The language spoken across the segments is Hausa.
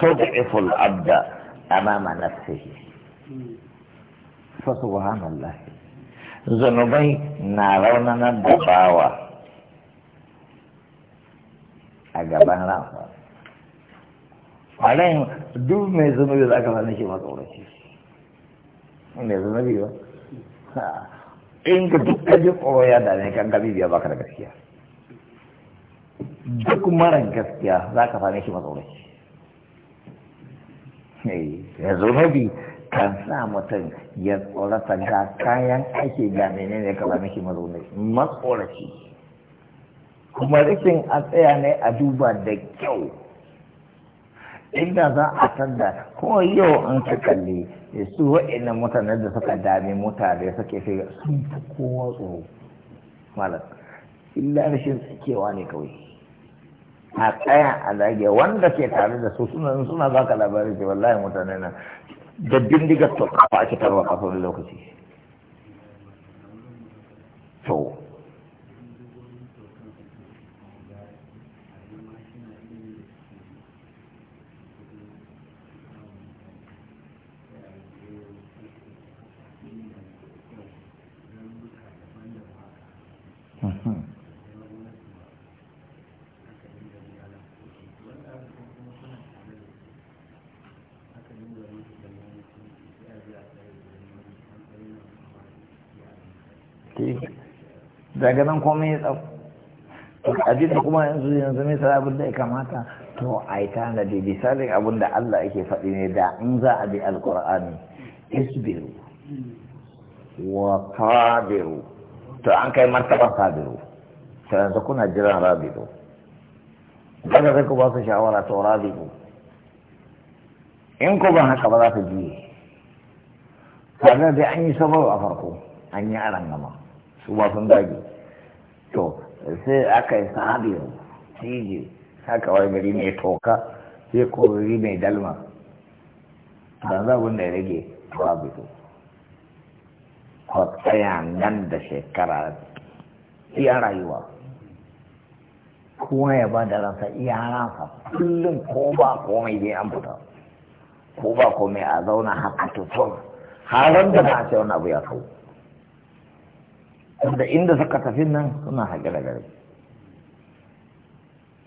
تضعف العبد أمام نفسه فسبحان الله ذنوبي نارونا نبقاوة أجابان رأسه عليهم دول ما يزنوا إذا أكبر نشي ما تقول شيء ما يزنوا بيوا إنك تكتب أويا داني كان قبي بيا بكرة كسيا duk maran gaskiya za ka same shi Eh, ya zunubi kan sa mutum ya tsorata ga kayan ake ga menene ka ba miki mazauni matsoraci kuma rikin a tsaya ne a duba da kyau inda za a sanda ko yau an ka kalli eh, su wa'annan mutanen da suka dami mutane suke fi sun fi kowa tsoro malam illa rashin tsakewa ne kawai a tsaya a zage wanda ke tare da su suna suna ka labarin ce wallahi mutane na da bindigar to kafa ake tarwa kafin lokaci daga nan kuma ya tsaf abin da kuma yanzu yanzu mai sara abin da ya kamata to a yi ta daidai, misalin abin da Allah yake faɗi ne da in za a bi alkur'ani isbiru wa sabiru to an kai martaba sabiru to yanzu kuna jiran rabiru daga zai ku ba su shawara to rabiru in ko ban haka ba za su biye sannan dai an yi sabon a farko an yi aran gama su ba sun dage to sai aka yi sahabi cije haka wani gari mai toka sai ko gari mai dalma ba za da ya rage babu to tsaya nan da shekara iya rayuwa kuma ya ba da ransa iya ransa kullum ko ba komai dai an fita ko ba komai a zauna haka tutun haran da ba a ce wani abu ya kawo da inda suka tafi nan suna haƙe da gari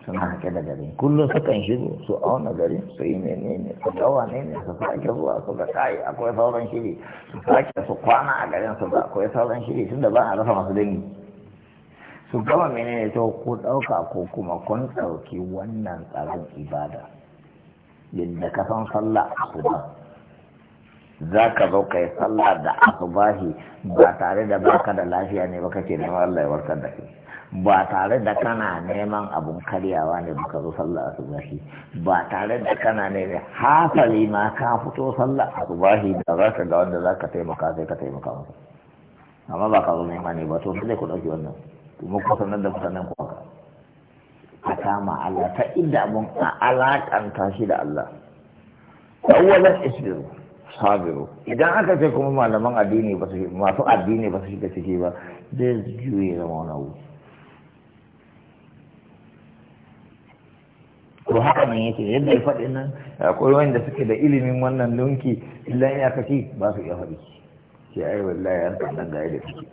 suna haƙe da gari kullum sukan shiru su auna gari su yi menene su dawa ne ne su sake zuwa su ga kayi akwai sauran shiri su sake su kwana a garin su ga akwai sauran shiri tun da ba a rasa masu dangi su gama menene to ko ɗauka ko kuma kun ɗauki wannan tsarin ibada yadda ka san sallah a kuma za ka zo ka yi sallah da asubahi ba tare da baka da lafiya ne ba kake neman Allah ya warkar da kai ba tare da kana neman abun karyawa ne baka zo sallah asubahi ba tare da kana ne hasali ma ka fito sallah asubahi da za ka ga wanda za ka taimaka sai ka taimaka masa amma ba ka zo neman ne ba to sai ku ɗauki wannan kuma ku sanar da mutanen ku haka a kama Allah ta inda mun alaƙanta shi da Allah awwalan isbiru sabiru idan aka ce kuma malaman addini ba su masu addini ba su shiga ciki ba zai juye da wani abu to haka nan yake yadda ya faɗi nan akwai wanda suke da ilimin wannan dunki illa ya kaci ba su iya faɗi ke ai wallahi an san nan ga yadda kike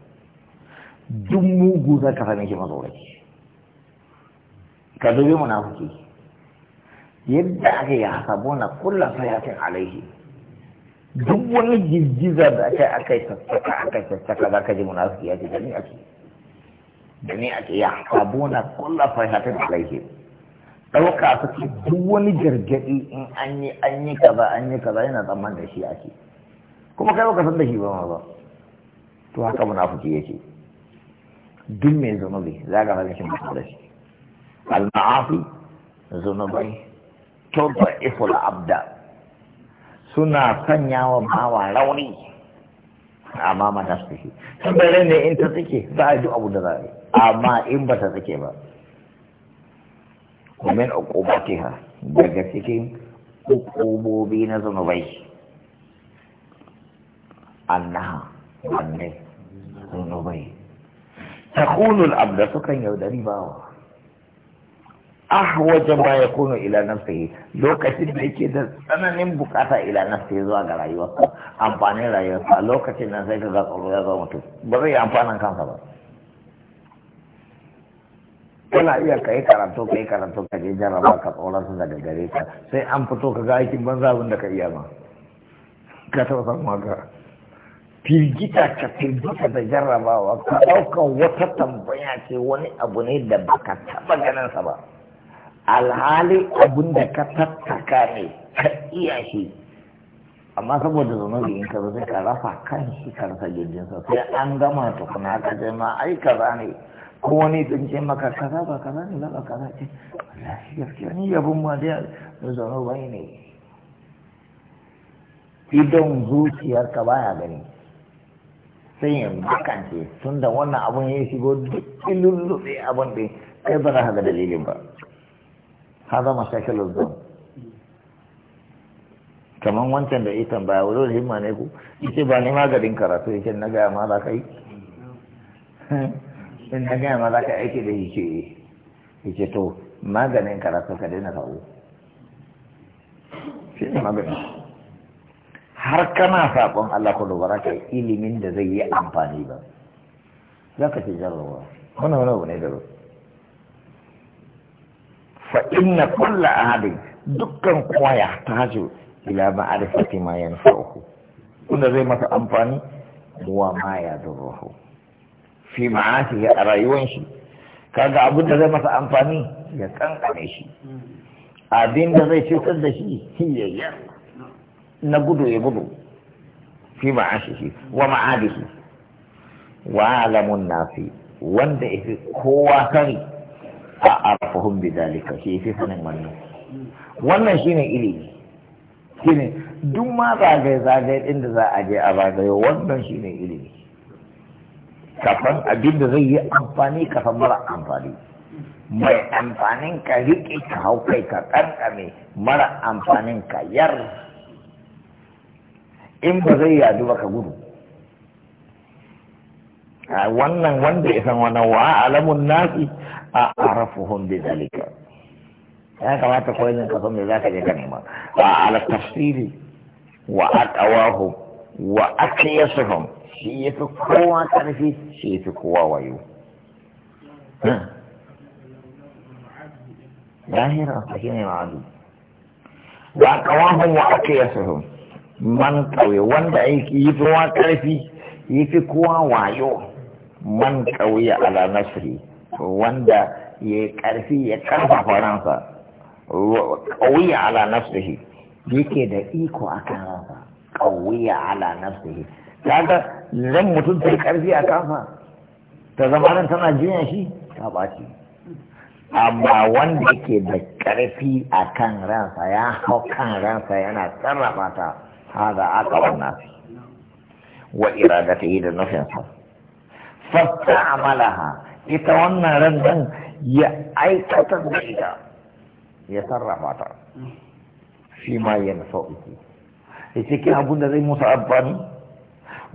duk mugu za ka same shi mazauraci ka dubi munafiki yadda aka yi sai kullu sayatin alaihi duk wani girgiza da aka akai sassaka akai sassaka za ka ji munafiki ya ce da ni ake da ni ake ya sabona kulla fahimatin laihe ɗauka ce duk wani gargaɗi in an yi an yi kaza an yi kaza yana tsamman da shi ake kuma kai baka san da shi ba ma ba to haka munafiki yake duk mai zunubi za ka fara shi mutum da shi al-ma'afi zunubai tawba iful abda suna sanya wa bawa rauni amma mata ta take sun ne in ta take za a ji abu da za amma in ba ta take ba kumin uqubatiha daga cikin uqubobi na zunubai annaha wanne zunubai takunul abda sukan yaudari bawa wajen ba ya kuno ila nafsihi lokacin da yake da tsananin bukata ila nafsihi zuwa ga rayuwarsa amfanin rayuwarsa lokacin nan sai ka ga tsoro ya zo mutum ba zai yi amfanin kansa ba kana iya kai karatu kai karatu ka je jarraba ka tsoron su daga gare ka sai an fito ka ga aikin banza abin da ka iya ma ka taɓa samu haka firgita ka firgita da jarrabawa ka ɗaukan wata tambaya ce wani abu ne da baka taɓa ganin sa ba alhali abin da ka tattaka ne ka iya shi amma saboda zunubi in ka zo sai ka rafa kan shi ka rasa jirginsa sai an gama tukuna ka je ma ai kaza ne ko wani din ce maka kaza ba za ne ba kaza ce wallahi gaskiya ni yabon ma zano bai ne idan zuciyarka baya gani sai ya makance tunda wannan abun ya shigo duk ilulluɓe abin da kai ba za ka ga dalilin ba هذا مشاكل الظلم kaman wancan da ita ba wurin himma ne ku yace ba ni maganin karatu yake na ga ma za ka yi in na ga ma za ka aiki da yake yake eh. to maganin karatu ka daina kawo shi ne maganin har kana saƙon Allah ku dubara ka ilimin da zai yi amfani ba za ka ce jarrawa wannan wani ne da ruwa fa inna kulla ahadin dukkan kowa ya tajo ila ma'arifati ma yanfa'uhu wanda zai masa amfani wa ma ya zurruhu fi ma'ashi a rayuwan shi kaga abin da zai masa amfani ya kankane shi abin da zai cutar da shi hiyayya na gudu ya gudu fi shi. wa shi wa alamun nafi wanda ya fi kowa sani a arfahun bidalika shi fi sanin wannan wannan shine ilimi shine duk ma zagaye zagaye din da za a je a zagaye wannan shine ilimi kafan abin da zai yi amfani kafan mara amfani mai amfanin ka riƙe ka hau kai ka ƙanƙame mara amfanin ka yar in ba zai yadu ba ka gudu wannan wanda ya san wannan wa alamun nasi أعرفهم بذلك أنا كما تقول إن قسم لذلك جكنما على التفصيل وأتواهم وأكيسهم شيء تقوى قوة تعرفي شيء تقوى ويو ظاهرة فهنا معدو وأتواهم وأكيسهم من قوي wanda yi kowa karfi yi fi kowa wayo man kauye wanda ya karfi ya karfafa ransa ƙauya ala nafsihi yake da iko a kan ransa ƙauya ala nafsihi kaga zan mutum ta yi karfi a kansa ta zama nan tana jiya shi ta ɓaci amma wanda yake da ƙarfi a kan ransa ya hau kan ransa yana sarrafa ta haza aka nasi wa iradata yi da nufinsa fasta amalaha ita wannan ran nan ya aikatar da ita ya sarrafa ta shi ma ya nufa uku ya cikin abin da zai musu amfani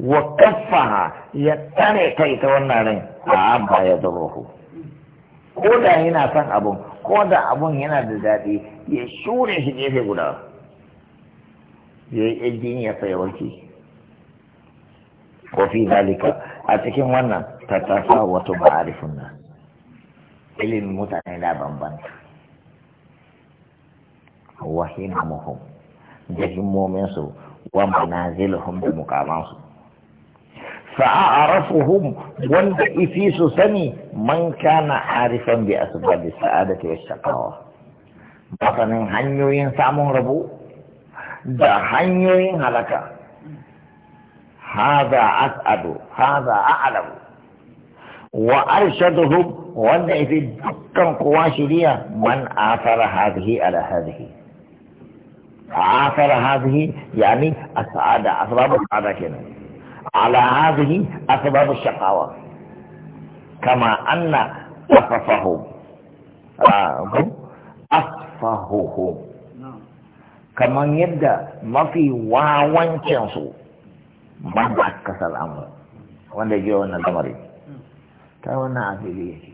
wa kafaha ya tare ta ita wannan ran a ba ya ko da yana son abun ko da abun yana da daɗi ya shure shi gefe guda ya yi ya sai warke ko fi zalika a cikin wannan tattafa wato ma'arifin nan ilimin mutane da bambanta wahin muhum jahimmominsu wa manazilhum da mukamansu fa'arafuhum wanda ifi su sani man kana arifan bi asbab sa'adati wa shaqawa masanin hanyoyin samun rabo da hanyoyin halaka هذا أسعد هذا أعلم وأرشدهم وأن في دكا قواشرية من آثر هذه على هذه آثر هذه يعني أسعد أسباب السعادة على هذه أسباب الشقاوة كما أن أصفهم آه، أصفهم نعم. كما يبدأ ما في واوانشنسو ban da aka kasar amur wanda ke wannan lamari ta wannan afili yake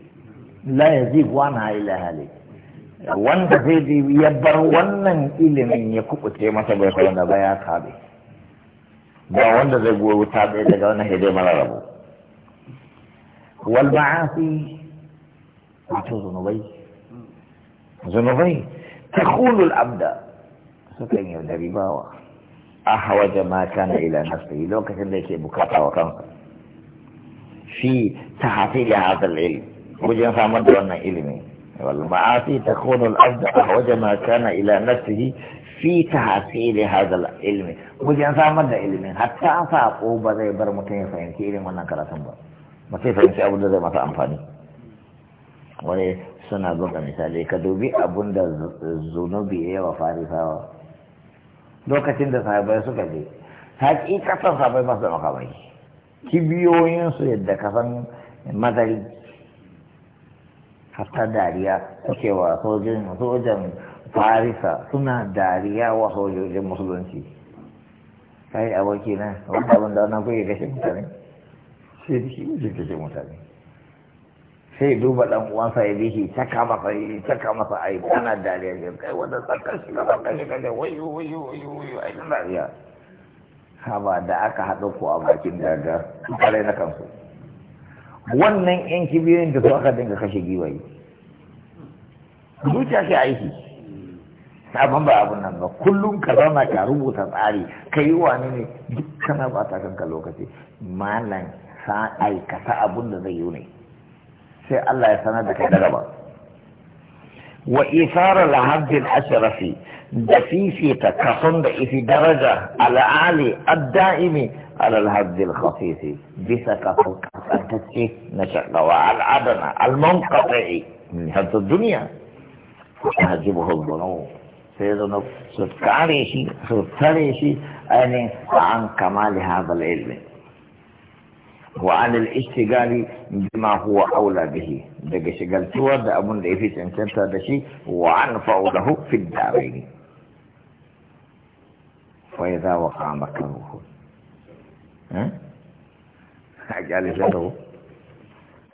la ya zi na ila hali wanda zai ji ya bar wannan ilimin ya kubuce masa bai wanda ba ya kabe ba wanda zai goyi wuta bai daga wannan hidai mara rabu wal ma'asi wato zunubai zunubai ta abda sukan yaudari bawa Aha ahwaja ma kana ila yi lokacin da yake bukata wa kansa fi ta hafi da al ilimi, wajen samar da wannan ilimi wal ma'asi takunu al-abd ahwaja ma kana ila nafsi fi tahfil hadha al-ilm wajen samar da ilimi hatta an fa ko ba zai bar mutum ya fahimci irin wannan karatun ba ba sai fahimci abin da zai masa amfani wani suna buga misali ka dubi abin da zunubi ya yi wa farisawa lokacin da sahabai suka je hakikatan sahabai masu su bai kibiyoyinsu yadda ka san madari hatta dariya suke wa sojan farisa suna dariya wa sojojin musulunci kai abokina wanda wanda abin da wannan kuke kashe mutane sai da shi mutane sai duba dan uwansa ya bishi caka masa yi caka masa ai kana dariya ga kai wanda sakar shi kaza kai shi da wayo wayo wayo wayo ai na dariya haba da aka hado ku a bakin daga kare na kansu wannan yan kibiyoyin da su aka dinga kashe giwaye zuciya shi aiki sabon ba abun nan ba kullum ka zauna ka rubuta tsari ka yi wani ne duk kana ba ta kanka lokaci malam sa aikata abun da zai yi ne sai Allah ya sanar da kai da gaba wa isara al-hadd ashrafi da fifita da ifi daraja على الهد الخفيف بسك فوق فتتي نشأ وعلى العدن المنقطع من هذه الدنيا تهجبه الظنوب سيدنا ستكاريشي ستكاريشي أني عن كمال هذا العلم وعن الاشتغال بما هو اولى به دغه شغل تو دا ابون دا يفي سنتا دا شي وعن فوضه في الدارين فاذا وقع مكروه ها أه؟ حاجه